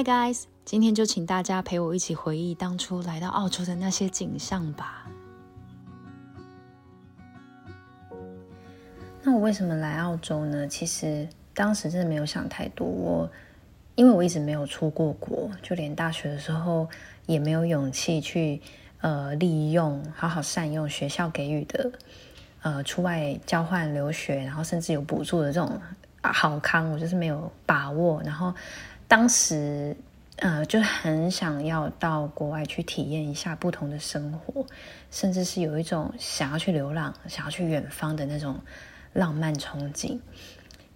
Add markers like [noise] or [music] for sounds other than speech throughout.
Hi guys，今天就請大家陪我一起回憶當初來到澳洲的那些景象吧。那我為什麼來澳洲呢？其實當時真的沒有想太多，我因為我一直沒有出過國，就連大學的時候也沒有勇氣去呃利用好好善用學校給予的呃出外交換留學，然後甚至有補助的這種好康，我就是沒有把握，然後。當時，呃，就很想要到國外去體驗一下不同的生活，甚至是有一種想要去流浪、想要去遠方的那種浪漫憧憬。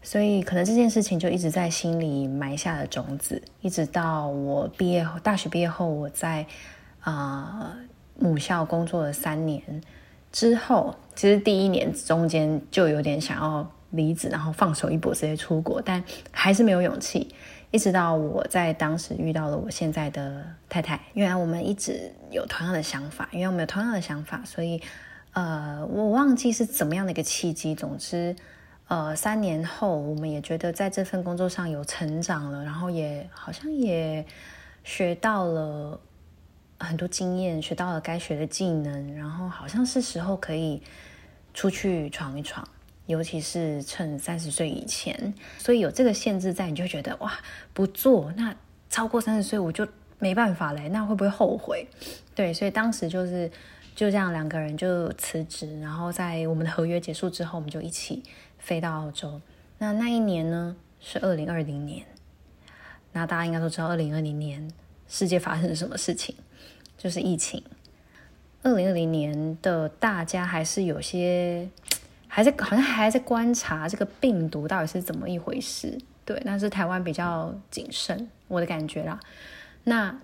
所以，可能這件事情就一直在心裡埋下了種子，一直到我畢業大學畢業後，我在啊、呃，母校工作了三年之後，其實第一年中間就有點想要離職，然後放手一搏，直接出國，但還是沒有勇氣。一直到我在當時遇到了我現在的太太，原來我們一直有同樣的想法，因為我們有同樣的想法，所以，呃，我忘記是怎麼樣的一個契機。總之，呃，三年後我們也覺得在這份工作上有成長了，然後也好像也學到了很多經驗，學到了該學的技能，然後好像是時候可以出去闖一闖。尤其是趁三十歲以前，所以有這個限制在，你就覺得哇，不做那超過三十歲我就沒辦法嘞，那會不會後悔？對，所以當時就是就這樣兩個人就辭職，然後在我們的合約結束之後，我們就一起飛到澳洲。那那一年呢，是二零二零年，那大家應該都知道，二零二零年世界發生了什麼事情，就是疫情。二零二零年的大家還是有些。還在好像還在觀察這個病毒到底是怎麼一回事，對，那是台灣比較謹慎，我的感覺啦。那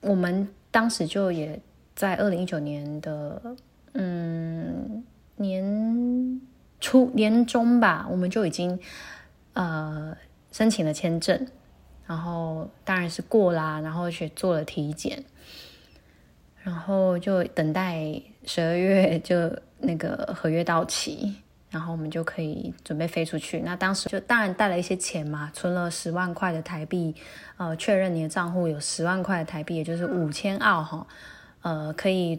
我們當時就也在二零一九年的，嗯，年初，年中吧，我們就已經，呃，申請了簽證，然後當然是過啦，然後去做了體檢，然後就等待十二月就。那個合約到期，然後我們就可以準備飛出去。那當時就當然帶了一些錢嘛，存了十萬塊的台幣，呃，確認你的賬戶有十萬塊的台幣，也就是五千澳哈、哦，呃，可以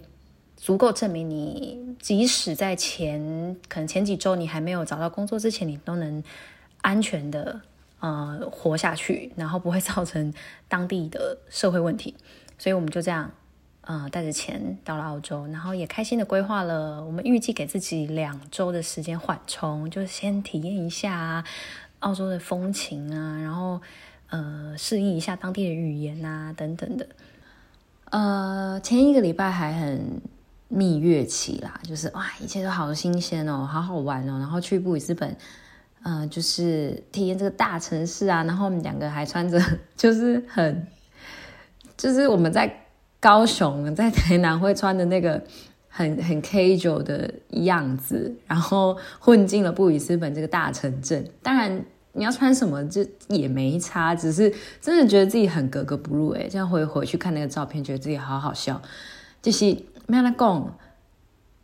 足夠證明你即使在前可能前幾周你還沒有找到工作之前，你都能安全的呃活下去，然後不會造成當地的社會問題。所以我們就這樣。嗯，帶着、呃、錢到了澳洲，然後也開心的規劃了。我們預計給自己兩周的時間緩衝，就先體驗一下澳洲的風情啊，然後呃，適應一下當地的語言啊，等等的。呃，前一個禮拜還很蜜月期啦，就是哇，一切都好新鮮哦，好好玩哦。然後去布里斯本，呃，就是體驗這個大城市啊。然後我們兩個還穿着，就是很，就是我們在。高雄在台南會穿的那個很很 casual 的樣子，然後混進了布里斯本這個大城鎮。當然你要穿什麼就也沒差，只是真的覺得自己很格格不入哎、欸。這樣回回去看那個照片，覺得自己好好笑，就是沒有那講，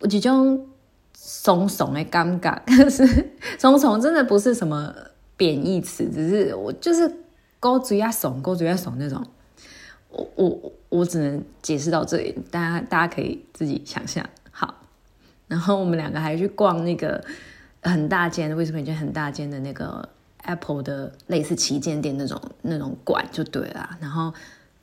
我這種慫慫的尷尬。但是慫慫真的不是什麼貶義詞，只是我就是高嘴要慫，高嘴要慫那種。我我我只能解釋到這裡，大家大家可以自己想象好然後我們兩個還去逛那個很大間，為什麼已經很大間的那個 Apple 的類似旗艦店那種那種館就對了啦。然後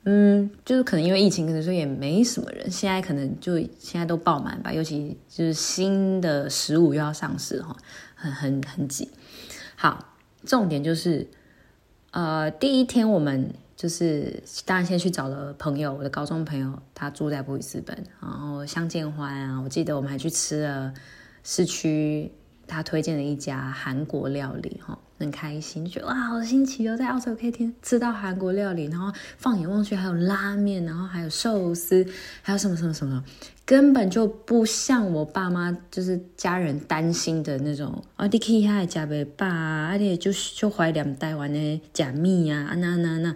嗯，就是可能因為疫情，可能說也沒什麼人。現在可能就現在都爆滿吧，尤其就是新的十五又要上市哈，很很很擠。好，重點就是呃第一天我們，就是，當然先去找了朋友，我的高中朋友，他住在布里斯本，然後相見歡啊，我記得我們還去吃了市區他推薦了一家韓國料理，很開心，就覺得哇，好新奇哦，在澳洲可以天天吃到韓國料理，然後放眼望去還有拉麵，然後還有壽司，還有什麼什麼什麼，什麼，根本就不像我爸媽就是家人擔心的那種，哦，你去遐會食袂飽啊，啊就懷念台灣的食面啊，啊那那那。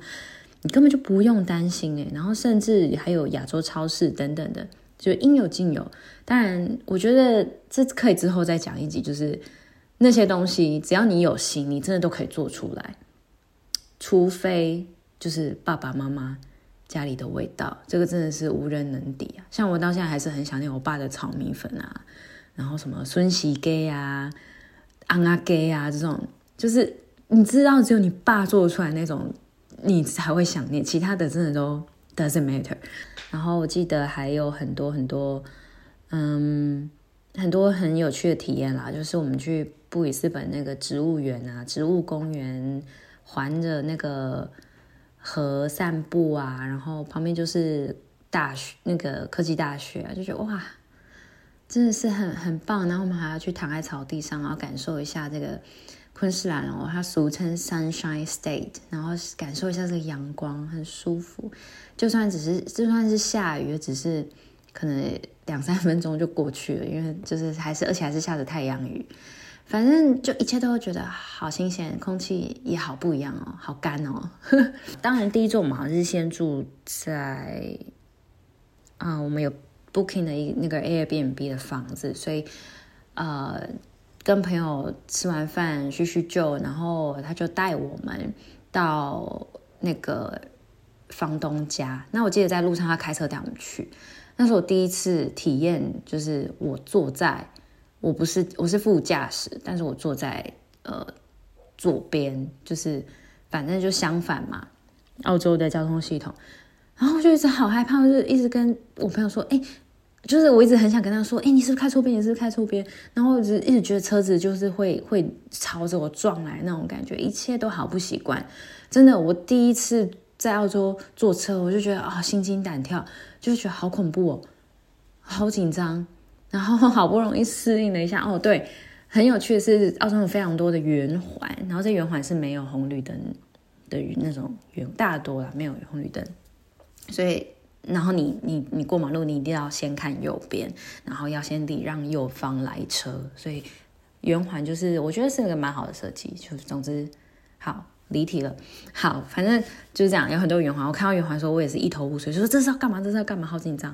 你根本就不用擔心哎，然後甚至還有亞洲超市等等的，就應有盡有。當然，我覺得這可以之後再講一集，就是那些東西，只要你有心，你真的都可以做出來。除非就是爸爸媽媽家裡的味道，這個真的是無人能敵啊！像我到現在還是很想念我爸的炒米粉啊，然後什麼孫喜雞啊、昂阿雞啊，雞啊這種，就是你知道，只有你爸做出來那種。你才會想念，其他的真的都 doesn't matter。然後我記得還有很多很多，嗯，很多很有趣的體驗啦，就是我們去布里斯本那個植物園啊，植物公園，環着那個河散步啊，然後旁邊就是大學那個科技大學啊，就覺得哇，真的是很很棒。然後我們還要去躺在草地上，然後感受一下這個。昆士蘭哦，它俗稱 Sunshine State，然後感受一下這個陽光，很舒服。就算只是，就算是下雨，也只是可能兩三分鐘就過去了，因為就是還是，而且還是下着太陽雨。反正就一切都覺得好新鮮，空氣也好不一樣哦，好乾哦。 [laughs] 當然，第一周我們好像是先住在啊，我們有 booking 的一那個 Airbnb 的房子，所以呃。跟朋友吃完飯敘敘舊，然後他就帶我們到那個房東家。那我記得在路上他開車帶我們去，那是我第一次體驗，就是我坐在，我不是，我是副駕駛，但是我坐在呃左邊，就是反正就相反嘛，澳洲的交通系統。然後我就一直好害怕，就是、一直跟我朋友說，哎、欸。就是我一直很想跟他說：“哎、欸，你是不是開錯邊？你是不是開錯邊？”然後我一直一直覺得車子就是會會朝着我撞來那種感覺，一切都好不習慣。真的，我第一次在澳洲坐車，我就覺得啊、哦，心驚膽跳，就覺得好恐怖哦，好緊張。然後好不容易適應了一下，哦，對，很有趣的是，澳洲有非常多的圓環，然後這圓環是沒有紅綠燈的那種圓，大多了沒有紅綠燈，所以。然後你你你過馬路，你一定要先看右邊，然後要先禮讓右方來車。所以圓環就是，我覺得是一個蠻好的設計。就是總之，好離題了，好，反正就是這樣。有很多圓環，我看到圓環說我也是一頭霧水，就說這是要幹嘛？這是要幹嘛？好緊張。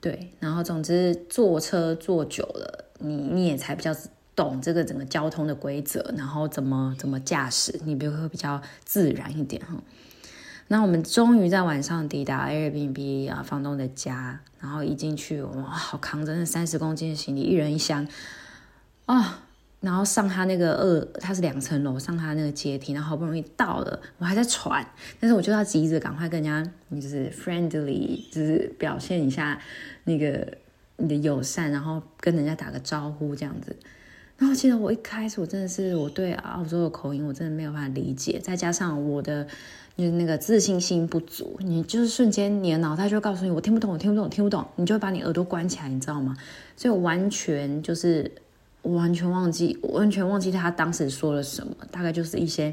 對，然後總之坐車坐久了，你你也才比較懂這個整個交通的規則，然後怎麼怎麼駕駛，你比如說會比較自然一點那我們終於在晚上抵達 Airbnb 啊，房東的家，然後一進去，哇，好扛著那三十公斤的行李，一人一箱，啊、哦，然後上他那個二，他是兩層樓，上他那個階梯，然後好不容易到了，我還在喘，但是我就要急着趕快跟人家，就是 friendly，就是表現一下那個你的友善，然後跟人家打個招呼這樣子。然後其實我一開始，我真的是我對澳洲的口音，我真的沒有辦法理解，再加上我的。就是那個自信心不足，你就是瞬間你的腦袋就告訴你我聽不懂，我聽不懂，聽不懂，聽不懂，你就會把你耳朵關起來，你知道嗎？所以我完全就是我完全忘記，我完全忘記他當時說了什麼，大概就是一些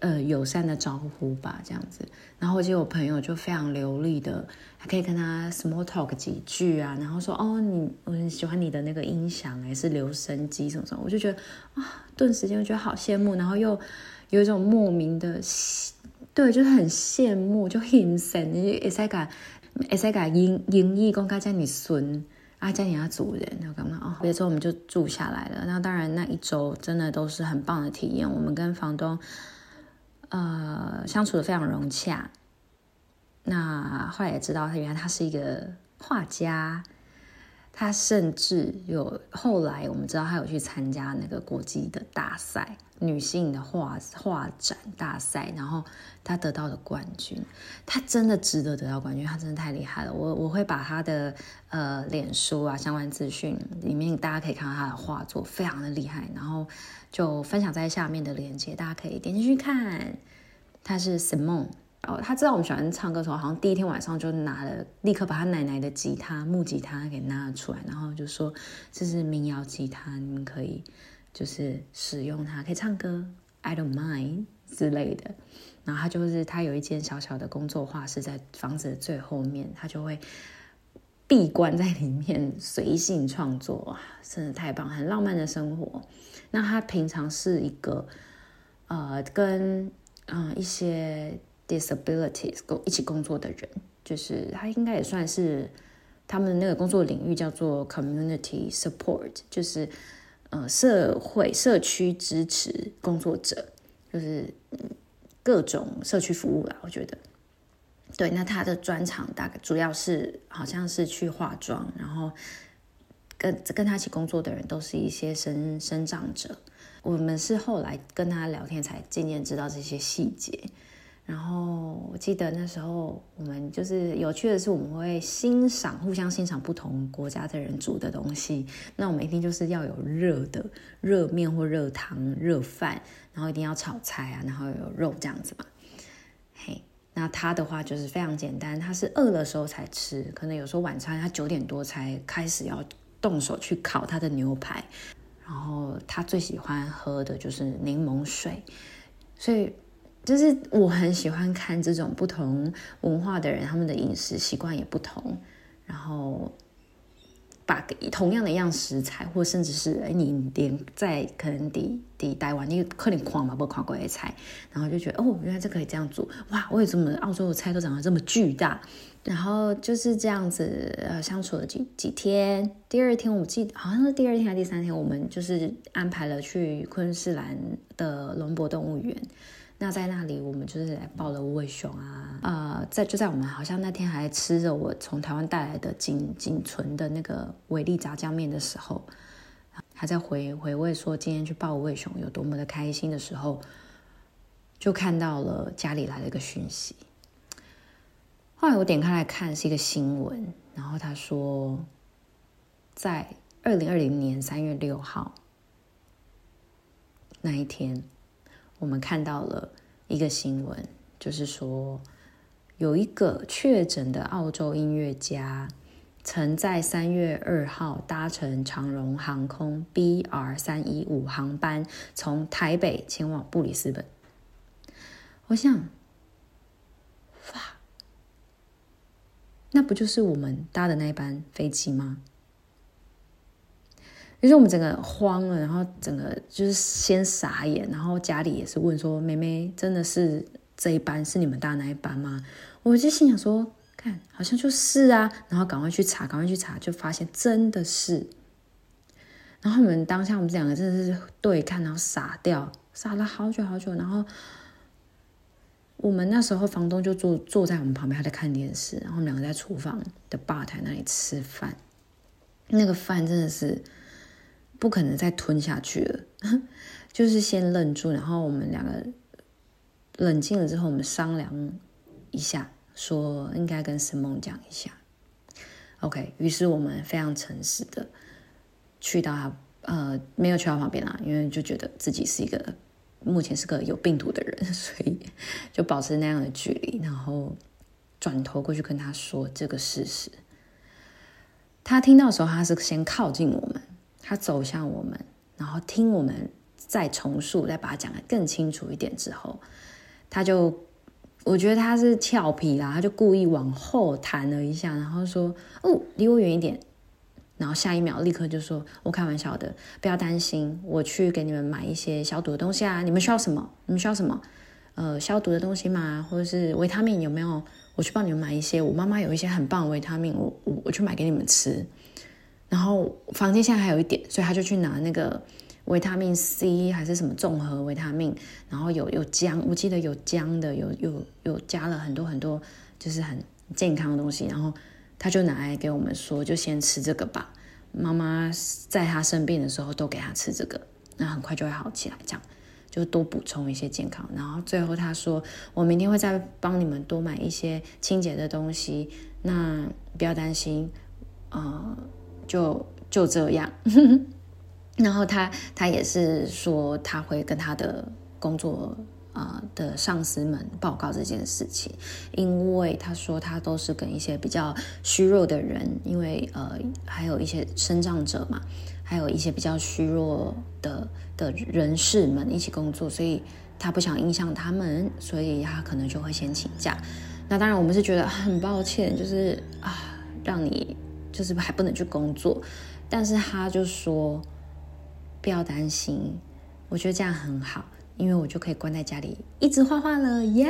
呃友善的招呼吧，這樣子。然後就有朋友就非常流利的，還可以跟他 small talk 幾句啊，然後說哦，你我很喜歡你的那個音響，還是留聲機什麼什麼，我就覺得啊，哦，頓時間我覺得好羨慕，然後又有一種莫名的。對，就是很羨慕，就很神。你一塞個一在個英英譯，公開叫你孫，啊，叫你家主人，我講嘛哦。回來之後我們就住下來了。那當然那一周真的都是很棒的體驗。我們跟房東呃相處得非常融洽。那後來也知道他原來他是一個畫家。她甚至有後來，我們知道她有去參加那個國際的大賽，女性的畫畫展大賽，然後她得到了冠軍。她真的值得得到冠軍，她真的太厲害了。我我會把她的呃臉書啊相關資訊裡面，大家可以看到她的畫作非常的厲害，然後就分享在下面的鏈接，大家可以點進去看。她是 Symone。哦，他知道我們喜歡唱歌的時候，好像第一天晚上就拿了，立刻把他奶奶的吉他木吉他給拿了出來，然後就說這是民謠吉他，你們可以就是使用它，可以唱歌，I don't mind 之類的。然後他就是他有一間小小的工作畫室在房子的最後面，他就會閉關在裡面隨性創作，真的太棒，很浪漫的生活。那他平常是一個呃，跟嗯、呃、一些。disabilities，一起工作的人，就是他應該也算是他們那個工作領域叫做 community support，就是呃社會社區支持工作者，就是各種社區服務啦、啊。我覺得，對，那他的專長大概主要是好像是去化妝，然後跟跟他一起工作的人都是一些身身障者。我們是後來跟他聊天才漸漸知道這些細節。然後我記得那時候我們就是有趣的是，我們會欣賞互相欣賞不同國家的人煮的東西。那我們一定就是要有熱的熱麵或熱湯、熱飯，然後一定要炒菜啊，然後有肉這樣子嘛。嘿，那他的話就是非常簡單，他是餓的時候才吃，可能有時候晚餐他九點多才開始要動手去烤他的牛排，然後他最喜歡喝的就是檸檬水，所以。就是我很喜歡看這種不同文化的人，他們的飲食習慣也不同。然後把同樣的一樣食材，或甚至是哎，你連在可能在在台灣，你可能跨嘛，不跨過來菜，然後就覺得哦，原來這可以這樣煮哇！為什麼澳洲的菜都長得這麼巨大？然後就是這樣子呃相處了幾幾天。第二天我記得好像是第二天還是第三天，我們就是安排了去昆士蘭的龍博動物園。那在那裡，我們就是來抱了無尾熊啊，呃，在就在我們好像那天還吃着我從台灣帶來的僅僅存的那個維力炸醬麵的時候，還在回回味說今天去抱無尾熊有多麼的開心的時候，就看到了家裡來了一個訊息。後來我點開來看是一個新聞，然後他說在2020，在二零二零年三月六號那一天。我們看到了一個新聞，就是說有一個確診的澳洲音樂家，曾在三月二號搭乘長榮航空 BR315 航班從台北前往布里斯本。我想，哇，那不就是我們搭的那一班飛機嗎？就是我們整個慌了，然後整個就是先傻眼，然後家裡也是問說：“妹妹真的是這一班是你們大那一班嗎？”我就心想說：“看，好像就是啊。”然後趕快去查，趕快去查，就發現真的是。然後我們當下，我們兩個真的是對看，然後傻掉，傻了好久好久。然後我們那時候，房東就坐坐在我們旁邊還在看電視，然後我們兩個在廚房的吧台那裡吃飯，那個飯真的是。不可能再吞下去了，就是先愣住，然後我們兩個冷靜了之後，我們商量一下，說應該跟 Symone 講一下。OK，於是我們非常誠實的去到他，呃，沒有去他旁邊啦，因為就覺得自己是一個目前是個有病毒的人，所以就保持那樣的距離，然後轉頭過去跟他說這個事實。他聽到的時候，他是先靠近我們。他走向我們，然後聽我們再重述，再把它講得更清楚一點之後，他就，我覺得他是俏皮啦，他就故意往後彈了一下，然後說：“哦，離我遠一點。”然後下一秒立刻就說：“我開玩笑的，不要擔心，我去給你們買一些消毒的東西啊！你們需要什麼？你們需要什麼？呃，消毒的東西嗎？或者是維他命有沒有？我去幫你們買一些。我媽媽有一些很棒的維他命，我我我去買給你們吃。”然後房間現在還有一點，所以他就去拿那個維他命 C 還是什麼綜合維他命，然後有有薑，我記得有薑的，有有有加了很多很多，就是很健康的東西。然後他就拿來給我們說，就先吃這個吧。媽媽在他生病的時候都給他吃這個，那很快就會好起來。這樣就多補充一些健康。然後最後他說，我明天會再幫你們多買一些清潔的東西，那不要擔心，呃。就就這樣， [laughs] 然後他他也是說他會跟他的工作啊、呃、的上司們報告這件事情，因為他說他都是跟一些比較虛弱的人，因為呃還有一些身障者嘛，還有一些比較虛弱的的人士們一起工作，所以他不想影響他們，所以他可能就會先請假。那當然，我們是覺得很抱歉，就是啊，讓你。就是還不能去工作，但是他就說不要擔心，我覺得這樣很好，因為我就可以關在家裡一直畫畫了，耶！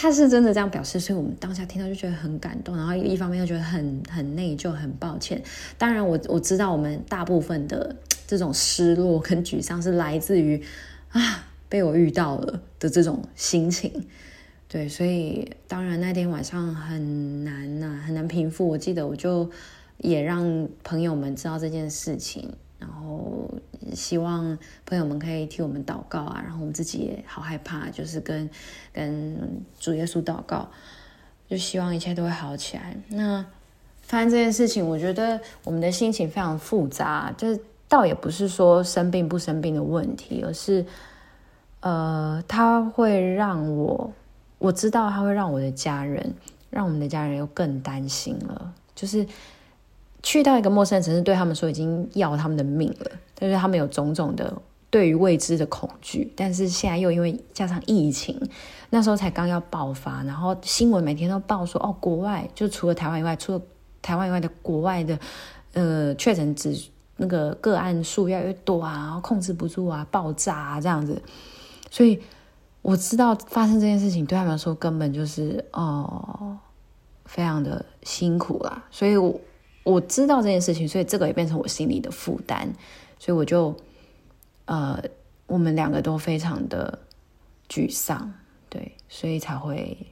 他是真的這樣表示，所以我們當下聽到就覺得很感動，然後一方面又覺得很很內疚，很抱歉。當然我，我知道我們大部分的這種失落跟沮喪是來自於啊被我遇到了的這種心情。對，所以當然那天晚上很難吶、啊，很難平復。我記得我就也讓朋友們知道這件事情，然後希望朋友們可以替我們禱告啊。然後我們自己也好害怕，就是跟跟主耶穌禱告，就希望一切都會好起來。那發生這件事情，我覺得我們的心情非常複雜，就是倒也不是說生病不生病的問題，而是呃，他會讓我。我知道他會讓我的家人，讓我們的家人又更擔心了。就是去到一個陌生的城市，對他們說已經要他們的命了，但、就是他們有種種的對於未知的恐懼。但是現在又因為加上疫情，那時候才剛要爆發，然後新聞每天都報說，哦，國外就除了台灣以外，除了台灣以外的國外的呃確診指那個個案數越來越多啊，然後控制不住啊，爆炸啊這樣子，所以。我知道發生這件事情對他們來說根本就是哦非常的辛苦啦、啊，所以我我知道這件事情，所以這個也變成我心裡的負擔，所以我就呃我們兩個都非常的沮喪，對，所以才會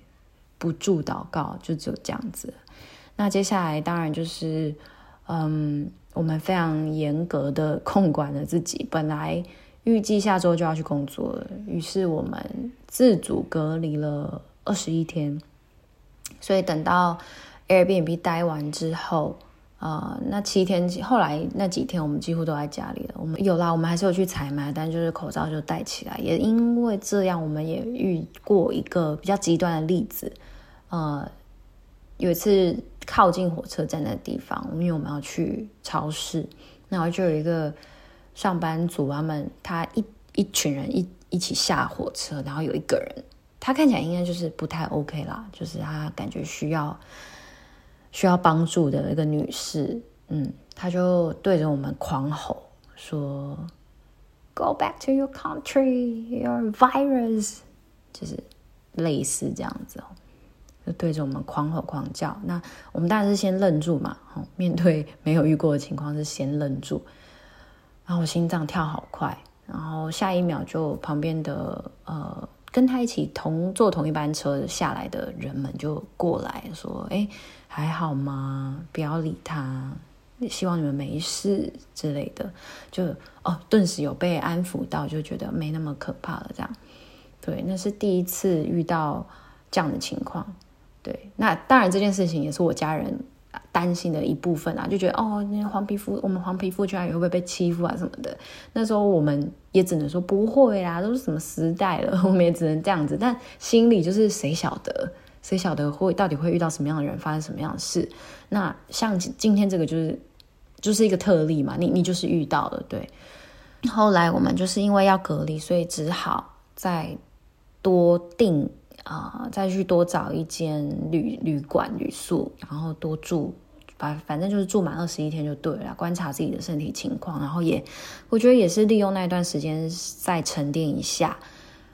不住禱告，就只有這樣子。那接下來當然就是嗯，我們非常嚴格的控管了自己，本來。預計下周就要去工作了，於是我們自主隔離了二十一天，所以等到 Airbnb 待完之後，呃，那七天，後來那幾天我們幾乎都在家裡了。我們有啦，我們還是有去採買，但就是口罩就戴起來。也因為這樣，我們也遇過一個比較極端的例子。呃，有一次靠近火車站的地方，因為我們要去超市，然後就有一個。上班族他們，他一,一群人一,一起下火車，然後有一個人，他看起來應該就是不太 OK 啦，就是他感覺需要需要幫助的一個女士，嗯，他就對着我們狂吼說：“Go back to your country, your virus。”就是類似這樣子哦，就對着我們狂吼狂叫。那我們當然是先愣住嘛，哦，面對沒有遇過的情況是先愣住。然後我心臟跳好快，然後下一秒就旁邊的呃跟他一起同坐同一班車下來的人們就過來說，哎，還好嗎？不要理他，希望你們沒事之類的。就哦，頓時有被安撫到，就覺得沒那麼可怕了。這樣，對，那是第一次遇到這樣的情況。對，那當然這件事情也是我家人擔心的一部分啊，就覺得哦，那黃皮膚，我們黃皮膚居然也會不會被欺負啊什麼的？那時候我們也只能說不會啦，都是什麼時代了，我們也只能這樣子。但心裡就是誰曉得，誰曉得會到底會遇到什麼樣的人，發生什麼樣的事？那像今天這個就是就是一個特例嘛，你你就是遇到了。對，後來我們就是因為要隔離，所以只好再多訂。啊、呃，再去多找一間旅旅館、旅宿，然後多住，反反正就是住滿二十一天就對了，觀察自己的身體情況，然後也，我覺得也是利用那一段時間再沉澱一下，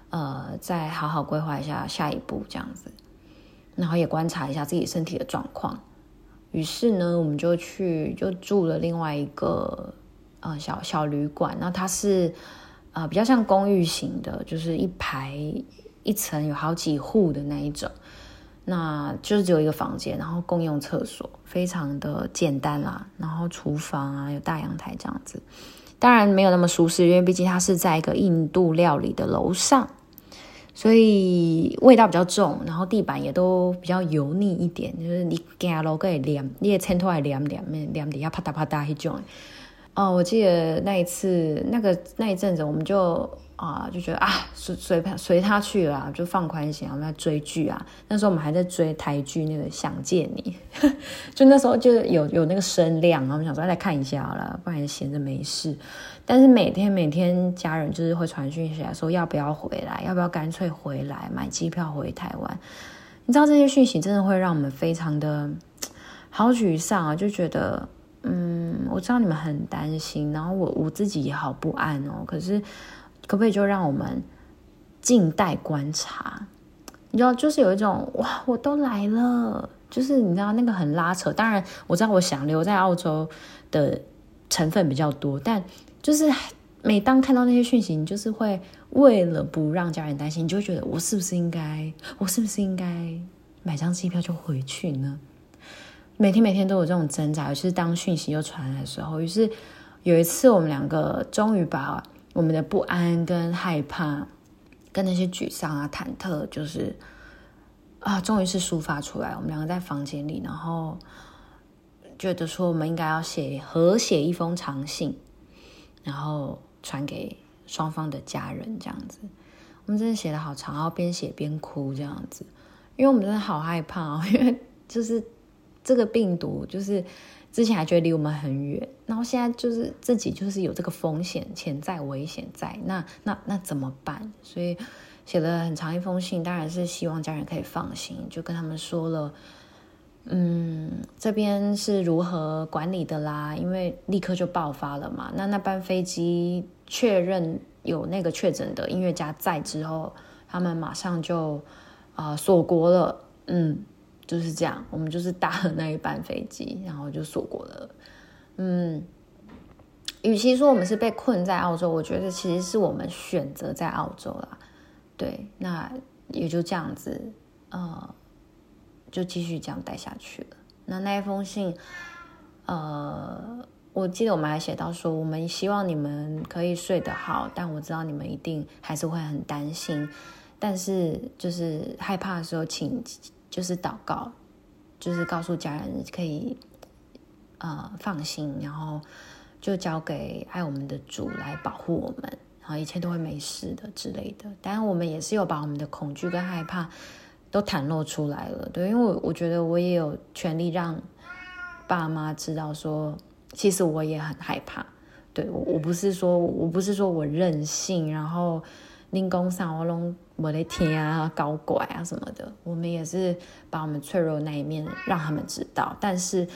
呃，再好好規劃一下下一步這樣子，然後也觀察一下自己身體的狀況。於是呢，我們就去就住了另外一個呃小小旅館，那它是呃比較像公寓型的，就是一排，一層有好幾戶的那一種，那就是只有一個房間，然後共用廁所，非常的簡單啦。然後廚房啊有大陽台這樣子，當然沒有那麼舒適，因為畢竟它是在一個印度料理的樓上，所以味道比較重。然後地板也都比較油膩一點，就是你蓋樓蓋黏，你也襯托來黏黏面，黏底下啪嗒啪嗒那種。哦，我記得那一次，那個那一陣子，我們就。啊，就覺得啊，隨隨他去啦、啊，就放寬一些。我們要追劇啊，那時候我們還在追台劇，那個想見你， [laughs] 就那時候就有有那個聲量啊。我們想說再看一下好了，不然閒着沒事。但是每天每天家人就是會傳訊息來說要不要回來，要不要乾脆回來買機票回台灣。你知道這些訊息真的會讓我們非常的好沮喪啊，就覺得嗯，我知道你們很擔心，然後我我自己也好不安哦。可是。可不可以就讓我們靜待觀察？你知道，就是有一種哇，我都來了，就是你知道那個很拉扯。當然，我知道我想留在澳洲的成分比較多，但就是每當看到那些訊息，你就是會為了不讓家人擔心，你就會覺得我是不是應該，我是不是應該買張機票就回去呢？每天每天都有這種掙扎，尤其是當訊息又傳來的時候。於是有一次，我們兩個終於把。我們的不安跟害怕，跟那些沮喪啊、忐忑，就是啊，終於是抒發出來。我們兩個在房間裡，然後覺得說我們應該要寫合寫一封長信，然後傳給雙方的家人這樣子。我們真的寫得好長，然後邊寫邊哭這樣子，因為我們真的好害怕哦，因為就是這個病毒就是。之前還覺得離我們很遠，然後現在就是自己就是有這個風險、潛在危險在，那那那怎麼辦？所以寫了很長一封信，當然是希望家人可以放心，就跟他們說了，嗯，這邊是如何管理的啦，因為立刻就爆發了嘛。那那班飛機確認有那個確診的音樂家在之後，他們馬上就啊、呃、鎖國了，嗯。就是這樣，我們就是搭了那一班飛機，然後就鎖國了。嗯，與其說我們是被困在澳洲，我覺得其實是我們選擇在澳洲啦。對，那也就這樣子，呃，就繼續這樣待下去了。那那一封信，呃，我記得我們還寫到說，我們希望你們可以睡得好，但我知道你們一定還是會很擔心，但是就是害怕的時候，請。就是禱告，就是告訴家人可以呃放心，然後就交給愛我們的主來保護我們，然後一切都會沒事的之類的。當然，我們也是有把我們的恐懼跟害怕都袒露出來了。對，因為我，我覺得我也有權利讓爸媽知道說，說其實我也很害怕。對，我，我不是說我不是說我任性，然後。拎公上我弄莫得聽啊，搞怪啊什麼的。我們也是把我們脆弱的那一面讓他們知道。但是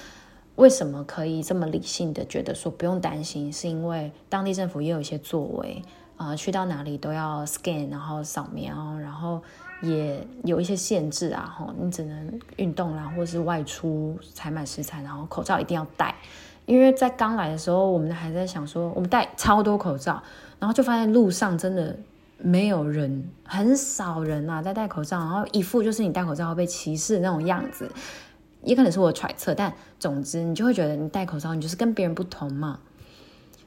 為什麼可以這麼理性的覺得說不用擔心？是因為當地政府也有一些作為啊、呃，去到哪裡都要 scan，然後掃描，然後也有一些限制啊。吼，你只能運動啦，或是外出採買食材，然後口罩一定要戴。因為在剛來的時候，我們還在想說，我們戴超多口罩，然後就發現路上真的。沒有人，很少人啊，在戴口罩，然後一副就是你戴口罩會被歧視那種樣子，也可能是我揣測，但總之你就會覺得你戴口罩，你就是跟別人不同嘛。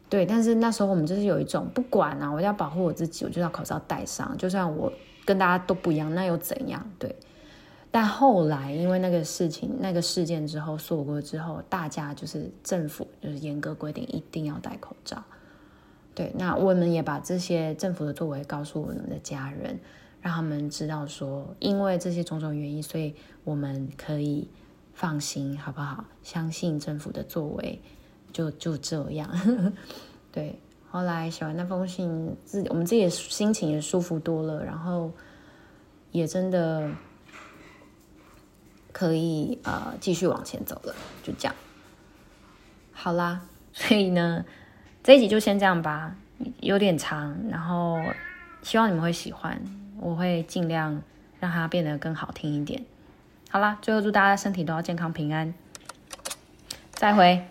對，但是那時候我們就是有一種不管啊，我要保護我自己，我就要口罩戴上，就算我跟大家都不一樣，那又怎樣？對。但後來因為那個事情、那個事件之後，說過之後，大家就是政府就是嚴格規定一定要戴口罩。對，那我們也把這些政府的作為告訴我們的家人，讓他們知道說，因為這些種種原因，所以我們可以放心，好不好？相信政府的作為，就就這樣。 [laughs] 對，後來寫完那封信，自己我們自己心情也舒服多了，然後也真的可以呃繼續往前走了，就這樣。好啦，所以呢。這一集就先這樣吧，有點長，然後希望你們會喜歡，我會盡量讓它變得更好聽一點。好啦，最後祝大家身體都要健康平安，再會。